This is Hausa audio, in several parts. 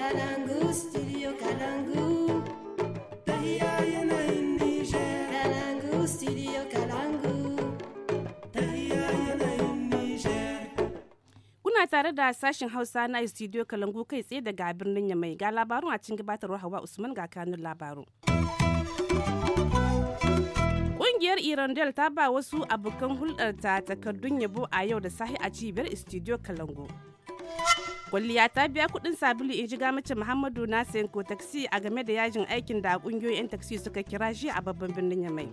Kuna tare da sashen Hausa na studio Kalangu kai tsaye daga birnin Yamai ga labarun a cikin gabatarwa Hawa Usman ga kanun labaru. Ƙungiyar Irondel ta ba wasu abokan hulɗar ta takardun yabo a yau da sahi a cibiyar Studio Kalangu. kwalliya ta biya kudin sabulu jiga mace muhammadu na ko taksi a game da yajin aikin da kungiyoyin taksi suka kira shi a babban birnin yamai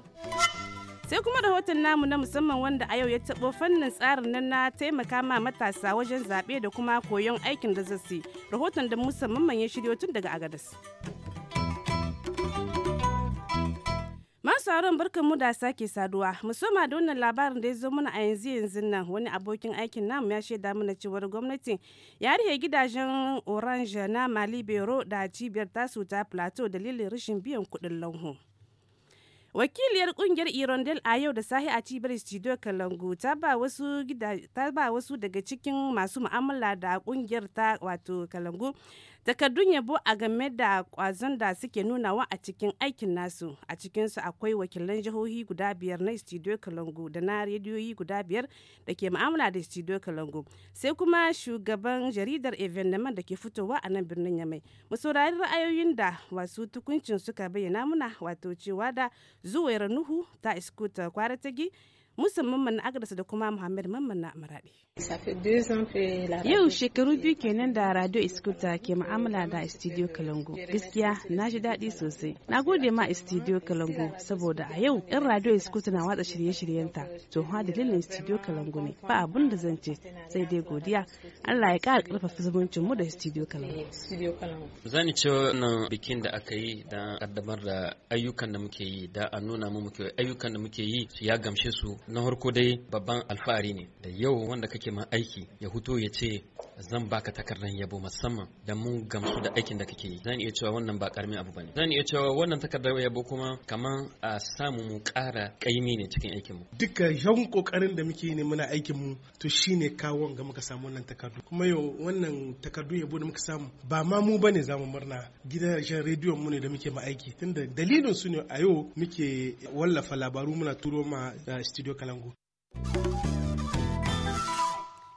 sai kuma rahoton namu na musamman wanda a yau ya taɓo fannin tsarin nan na taimaka ma matasa wajen zaɓe da kuma koyon aikin da zasu rahoton da musamman ya shiryo tun daga agadas. Masu auren barkan mu da sake saduwa. Musamman da wannan labarin da ya zo mana a yanzu yanzu nan wani abokin aikin namu ya shaida mana cewar gwamnati ya rike gidajen Orange na Mali Bero da cibiyar tasu ta Plateau dalilin rashin biyan kuɗin lanhu wakiliyar kungiyar irondel a yau da sahi a cibiyar studio kalangu ta ba wasu daga cikin masu mu'amala da kungiyar ta wato kalangu takardun yabo a game da kwazon da suke nunawa a cikin aikin nasu a cikinsu akwai wakilan jihohi guda biyar na studio kalango da na rediyoyi guda biyar da ke ma'amala da studio kalango sai kuma shugaban jaridar evenement da ke fitowa a nan birnin yamai mu saurari ra'ayoyin da wasu tukuncin suka bayyana muna wato cewa da zuwayar nuhu ta iskuta kwaratagi musamman mamman na da kuma muhammad mamman na maradi yau shekaru biyu kenan da radio iskuta ke ma'amala da studio kalango gaskiya na ji daɗi sosai na gode ma studio kalango saboda a yau in radio iskuta na watsa shirye-shiryenta to ha dalilin studio kalango ne ba abun da zan ce sai dai godiya allah ya ƙara ƙarfafa zumuncin mu da studio kalango Zan ce wannan bikin da aka yi da kaddamar da ayyukan da muke yi da a nuna mu muke ayyukan da muke yi ya gamshe su na harko dai babban alfahari ne da yau wanda kake ma aiki ya huto ya ce zan baka takardar yabo musamman da mun gamsu da aikin da kake yi zan iya cewa wannan ba karamin abu bane zan iya cewa wannan takardar yabo kuma kaman a samu mu ƙara kaimi ne cikin aikin mu duka yawan kokarin da muke ne muna aikin mu to shine kawon ga muka samu wannan takardu kuma yau wannan takardu yabo da muka samu ba ma mu bane zamu murna gidajen rediyon mu ne da muke ma aiki tunda dalilin su ne a yau muke wallafa labaru muna turo ma eh, studio kalangu.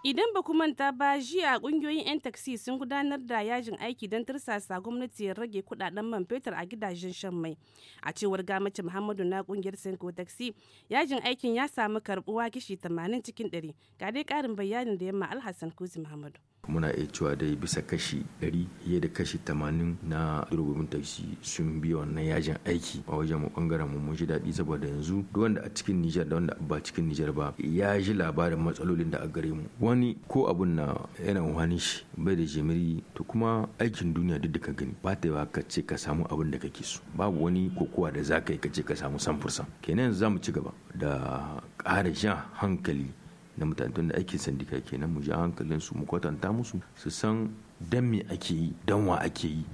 Idan ba ku manta ba jiya kungiyoyin 'yan taksi sun gudanar da yajin aiki don tursasa gwamnati ya rage kudaden man fetur a gidajen shan mai. A cewar gamace Muhammadu na kungiyar Senko taksi yajin aikin ya samu karbuwa kishi 80 cikin 100. Ga dai karin bayanin da yamma Alhassan Kuzi Muhammadu. muna iya cewa dai bisa kashi 100 fiye da kashi 80 na durbobin taxi sun biya wannan yajin aiki a wajen mu bangaren mu mun ji daɗi saboda yanzu duk wanda a cikin Nijar da wanda ba cikin Nijar ba ya ji labarin matsalolin da a gare mu wani ko abun na yana wani shi bai da jimiri to kuma aikin duniya duk da ka gani ba ta yawa ka ce ka samu abin da kake so babu wani kokowa da zaka yi ka ce ka samu samfursa kenan yanzu za mu ci gaba da ƙara jan hankali na mutane da aikin sandika kenan mu ji hankalin su mu kwatanta musu su san dan me ake yi dan wa ake yi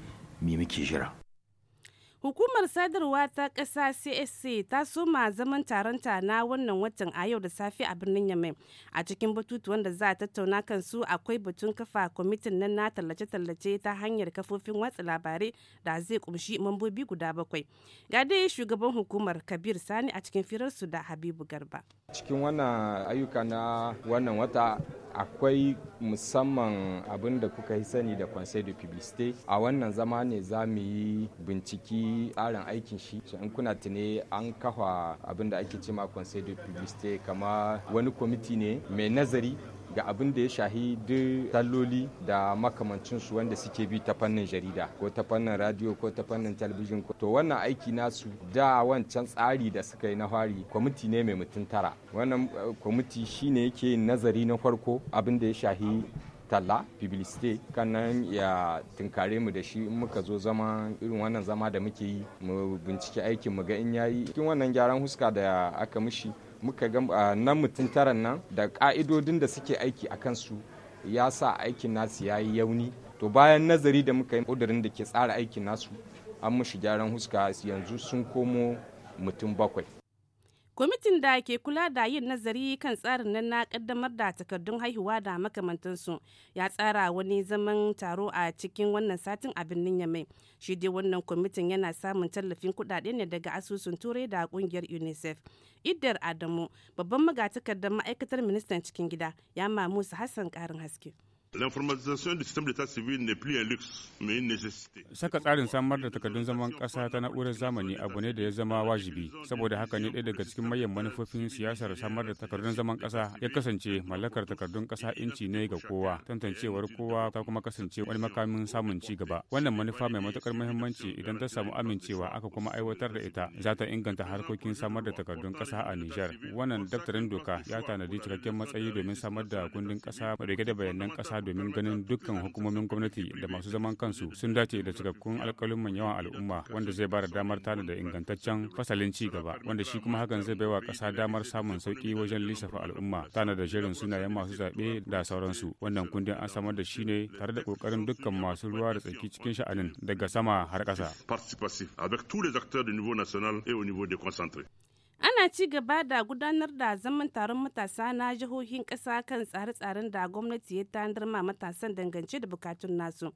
me muke jira Hukumar sadarwa ta ƙasa CSC ta soma zaman taronta na wannan watan a yau da safe a birnin Yamai. A cikin batutuwan da za a tattauna su akwai batun kafa kwamitin nan na tallace-tallace ta hanyar kafofin watsa labarai da zai kumshi mambobi guda bakwai. Ga dai shugaban hukumar Kabir Sani a cikin firarsu da Habibu Garba. Cikin wannan ayyuka na wannan wata akwai musamman abin da kuka yi sani da conseil de publicité a wannan zama ne za mu yi binciki tsarin aikin shi in kuna tune an kafa abin da ake cema conseil de publicité kama wani kwamiti ne mai nazari ga abin da ya shahi duk talloli da makamancinsu wanda suke bi ta fannin jarida ko ta fannin radio ko ta fannin talabijin to wannan aiki nasu da wancan tsari da suka yi na fari kwamiti ne mai mutum tara wannan eh, kwamiti shine yake nazari na farko abin da ya shahi talla publicity kannan ya tunkare mu da shi in muka zo zama irin wannan zama da muke yi mu bincike aikin mu ga in yayi cikin wannan gyaran huska da aka mishi muka ga ah, na mutum taran nan da ka'idodin da suke aiki a kansu ya sa aikin nasu ya yi yauni to bayan nazari da muka yi ƙudurin da ke tsara aikin nasu an mushi gyaran huska yanzu sun komo mutum bakwai kwamitin da ke kula da yin nazari kan tsarin nan na kaddamar da takardun haihuwa da makamantansu ya tsara wani zaman taro a cikin wannan satin a birnin yamai shi dai wannan kwamitin yana samun tallafin kudade ne daga asusun turai da kungiyar unicef idar adamu babban magatakardar ma'aikatar ministan cikin gida ya mamusu hassan karin haske civil Saka tsarin samar da takardun zaman ƙasa ta na'urar zamani abu ne da ya zama wajibi, saboda haka ne ɗaya daga cikin manyan manufofin siyasar samar da takardun zaman ƙasa ya kasance mallakar takardun ƙasa inci ne ga kowa, tantancewar kowa ta kuma kasance wani makamin samun ci gaba. Wannan manufa mai matukar muhimmanci idan ta samu amincewa aka kuma aiwatar da ita za ta inganta harkokin samar da takardun ƙasa a Nijar. Wannan daftarin doka ya tanadi cikakken matsayi domin samar da kundin ƙasa rage da bayanan ƙasa domin ganin dukkan hukumomin gwamnati da masu zaman kansu sun dace da cikakkun alƙaluman yawan al'umma wanda zai ba da damar tana da ingantaccen fasalin ci gaba wanda shi kuma hakan zai baiwa ƙasa damar samun sauki wajen lissafa al'umma tana da jerin sunayen masu zaɓe da sauransu wannan kundin an samar da shi ne tare da ƙoƙarin dukkan masu ruwa da tsaki cikin sha'anin daga sama har ƙasa. ana ci gaba da gudanar da zaman taron matasa na jihohin ƙasa kan tsare-tsaren da gwamnati ya tanar ma matasan dangance da bukatun nasu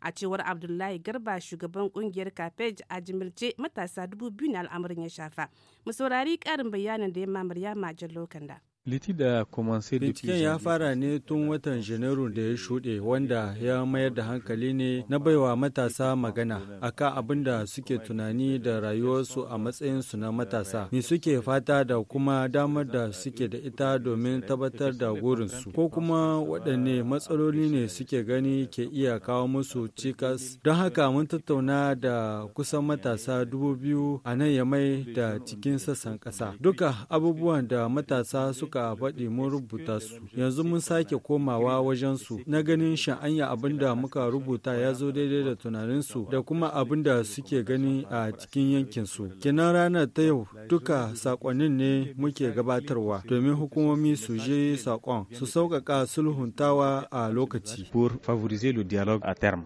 a cewar abdullahi garba shugaban kungiyar kafej a jimilce matasa dubu biyu na al'amarin ya shafa mu saurari ƙarin bayanin da ya mamar ya majin lokanda Binciken ya fara ne tun watan Janairu da ya shuɗe wanda ya mayar da hankali ne na baiwa matasa magana akan abin da suke tunani da rayuwarsu a matsayinsu na matasa. Ni suke fata da kuma damar da suke da ita domin tabbatar da gurinsu ko kuma waɗanne matsaloli ne suke gani ke iya kawo musu cikas. Don haka mun tattauna da kusan matasa dubu biyu a nan ya mai da cikin sassan ƙasa. Duka abubuwan da matasa suka suka faɗi mun rubuta su yanzu mun sake komawa wajen su na ganin sha'anya abin da muka rubuta ya zo daidai da tunanin su da kuma abin da suke gani a cikin yankin su kinan ranar ta yau duka sakonnin ne muke gabatarwa domin hukumomi su je sakon su sauƙaƙa sulhuntawa a lokaci pour favoriser le dialogue à terme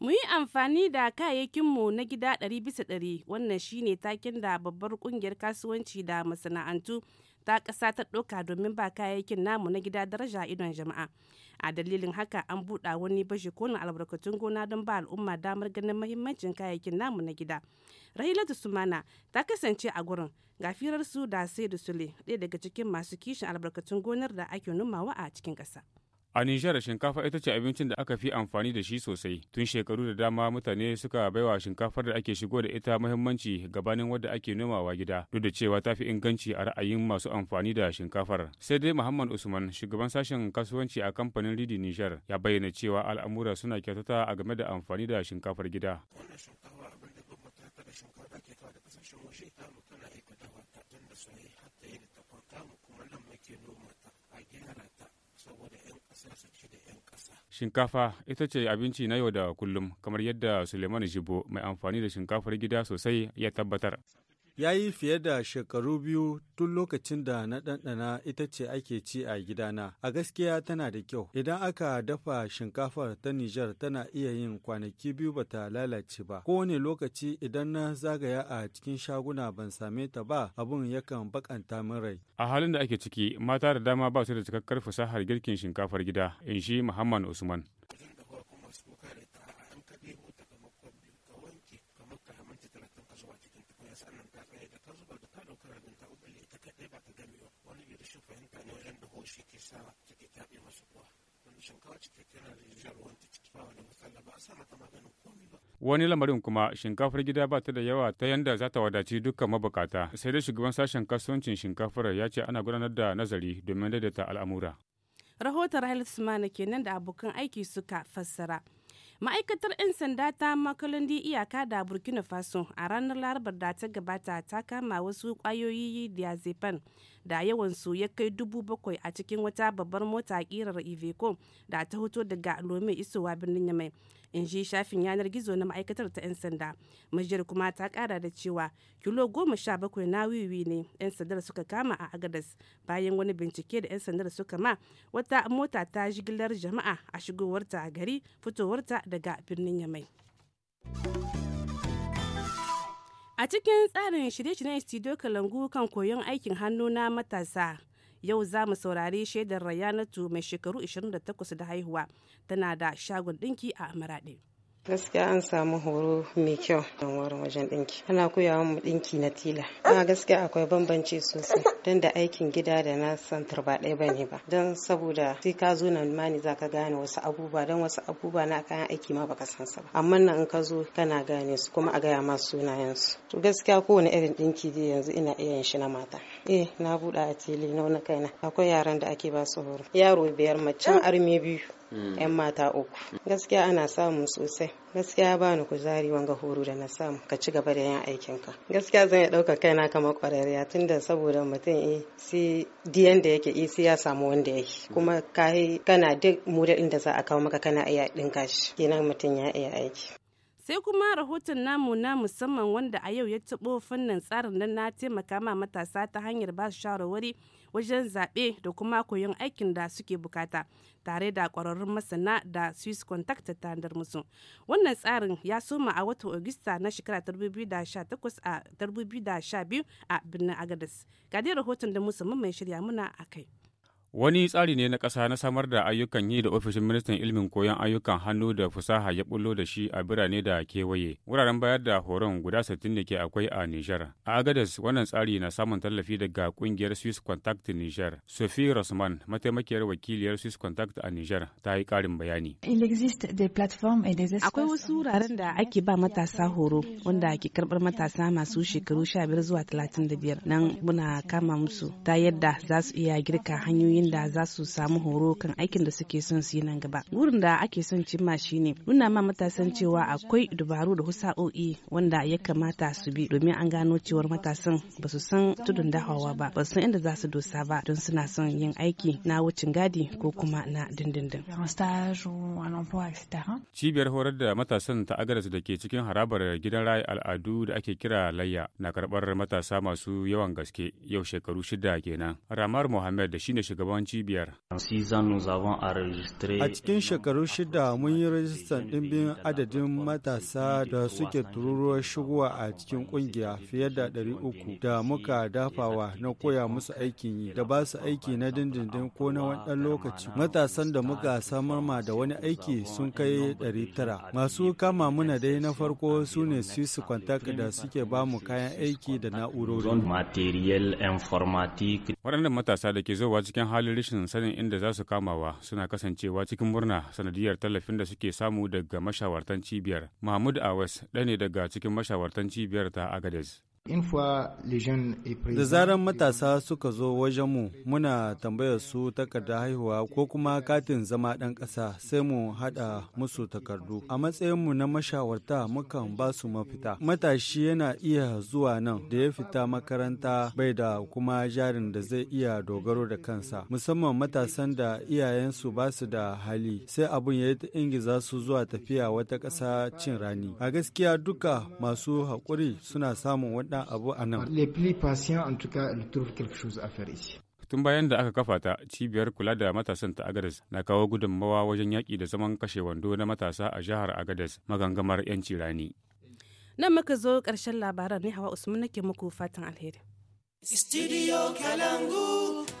mu yi amfani da kayayyakinmu na gida ɗari bisa ɗari wannan shine taken da babbar ƙungiyar kasuwanci da masana'antu ta ƙasa ta ɗauka domin ba kayayyakin namu na gida daraja idon jama'a a dalilin haka an buɗa wani bashi konin albarkatun gona don ba al'umma damar ganin mahimmancin kayayyakin namu na gida rahilatu sumana ta kasance a gurin ga su da sai da sule ɗaya daga cikin masu kishin albarkatun gonar da ake numawa a cikin ƙasa. A Nijar shinkafa ita ce abincin da aka fi amfani da shi sosai. Tun shekaru da dama mutane suka baiwa shinkafar da ake shigo da ita muhimmanci gabanin wadda ake nomawa gida, duk da cewa ta fi inganci a ra'ayin masu amfani da shinkafar. Sai dai Muhammad Usman, shugaban sashen kasuwanci a kamfanin Ridi Nijar, ya bayyana cewa al'amura suna kyautata a game da amfani da shinkafar gida. saboda Shinkafa ita ce abinci na yau da kullum kamar yadda Suleiman Jibo mai amfani da shinkafar gida sosai ya tabbatar. ya yi fiye da shekaru biyu tun lokacin da na ɗanɗana ita ce ake ci a gidana. A gaskiya tana da kyau. Idan aka dafa shinkafar ta Nijar tana iya yin kwanaki biyu ba ta lalace ba. Kowane lokaci idan na zagaya a cikin shaguna ban same ta ba abun yakan bakanta min rai. A halin da ake ciki mata da dama ba su da cikakkar fasahar girkin shinkafar gida in shi Muhammad Usman. wani lamarin kuma shinkafar gida ba ta da yawa ta yanda za ta wadaci dukkan mabukata sai dai shugaban sashen kasuwancin shinkafar ya ce ana gudanar da nazari domin daidaita al'amura. Rahoton Rahil Sumana kenan da abokan aiki suka fassara. ma'aikatar 'yan sanda ta di iyaka da burkina faso a ranar larabar da ta gabata ta kama wasu kwayoyi diazepam da yawansu ya kai dubu bakwai a cikin wata babbar mota kirar iveco da ta hoto daga lome isowa birnin yamai in ji shafin yanar gizo na ma'aikatar ta 'yan sanda majiyar kuma ta kara da cewa kilo goma sha bakwai na wiwi ne 'yan sandar suka kama a agadas bayan wani bincike da 'yan sandar suka ma wata mota ta jigilar jama'a a shigowarta a gari fitowarta daga birnin yamai a cikin tsarin shirye-shiryen studio kalangu kan koyon aikin hannu na matasa yau za mu saurari shaidar rayanatu mai shekaru 28 da haihuwa tana da shagon ɗinki a amurade. gaskiya an samu horo mai kyau don wurin wajen dinki ana koyawa mu dinki na tila amma gaskiya akwai bambanci sosai don da aikin gida da na santar ba ɗaya bane ba don saboda sai ka zo nan ma ne zaka gane wasu abubuwa don wasu abubuwa na kayan aiki ma baka san sa. ba amma nan in ka zo kana gane su kuma a gaya ma sunayen su to gaskiya kowane irin dinki dai yanzu ina iya yin shi na mata eh na buɗe a tili na wani kaina akwai yaran da ake ba su horo yaro biyar macen armi biyu Mm. 'yan mata uku gaskiya ana samu sosai gaskiya ba ni kuzari wanga horo da na samu ka ci gaba da yin aikinka gaskiya zan iya ɗauka kaina kamar ƙwararriya tunda saboda mutum eh si diyan da yake isi eh, ya samu wanda yake mm. kuma kai kana duk model da za a kawo maka kana iya ɗinka shi kenan mutum ya iya aiki sai kuma rahoton namu na musamman wanda a yau ya tabo fannin tsarin nan na taimaka ma matasa ta hanyar ba su shawarwari wajen zaɓe da kuma koyon aikin da suke bukata tare da ƙwararrun masana da swiss contact ta musu wannan tsarin ya soma a watan augusta na shekara 2018 a 2012 a birnin agadis ga dai rahoton da musamman mai shirya muna a kai Wani tsari ne na ƙasa na samar da ayyukan yi da ofishin ministan ilimin koyon ayyukan hannu da fusaha ya bullo da shi a birane da kewaye. Wuraren bayar da horon guda sittin da ke akwai a Nijar. A Agadez wannan tsari na samun tallafi daga ƙungiyar Swiss Contact Nijar. Sophie Rosman, mataimakiyar wakiliyar Swiss Contact a Nijar, ta yi ƙarin bayani. Akwai wasu wuraren da ake ba matasa horo wanda ake karɓar matasa masu shekaru sha biyar zuwa talatin da biyar. Nan muna kama musu ta yadda za su iya girka hanyoyin inda za su samu horo kan aikin da suke son su yi nan gaba wurin da ake son cimma shine nuna ma matasan cewa akwai dubaru da husa'o'i wanda ya kamata su bi domin an gano cewar matasan ba su san tudun dahawa ba ba su san inda za su dosa ba don suna son yin aiki na wucin gadi ko kuma na dindindin cibiyar horar da matasan ta agadas da ke cikin harabar gidan raya al'adu da ake kira layya na karɓar matasa masu yawan gaske yau shekaru shida kenan ramar mohammed da shine shugaban shugaban cibiyar. A cikin shekaru shida mun yi rajistan ɗimbin adadin matasa da suke tururuwar shigowa a cikin ƙungiya fiye da 300 da muka dafawa na koya musu aikin yi da ba su aiki na dindindin ko na wani ɗan lokaci. Matasan da muka samar ma da wani aiki sun kai 900. Masu kama muna dai na farko su ne su kwantaka da suke ba mu kayan aiki da na'urori. Waɗannan matasa da ke zowa cikin halin rashin sanin inda za su kamawa suna kasancewa cikin murna sanadiyar tallafin da suke samu daga mashawartan cibiyar. Mahmud Awes ɗaya ne daga cikin mashawartan cibiyar ta Agadez. Da zarar matasa suka zo wajenmu muna tambayar su takardar haihuwa ko kuma katin zama ɗan ƙasa sai mu haɗa musu takardu. A matsayinmu na mashawarta mukan ba su mafita. Matashi yana iya zuwa nan da ya fita makaranta bai da kuma jarin da zai iya dogaro da kansa. Musamman matasan da iyayensu ba su da hali sai abun ya yi ta ingiza su zuwa tafiya wata ƙasa cin rani. A gaskiya duka masu haƙuri suna samun waɗanda wannan abu a nan. Tun bayan da aka kafa ta, cibiyar kula da matasan ta Agadez na kawo gudunmawa wajen yaƙi da zaman kashe wando na matasa a jihar Agadez magangamar 'yanci rani. Nan muka zo ƙarshen labaran ne hawa Usman nake muku fatan alheri. Studio Kalangu.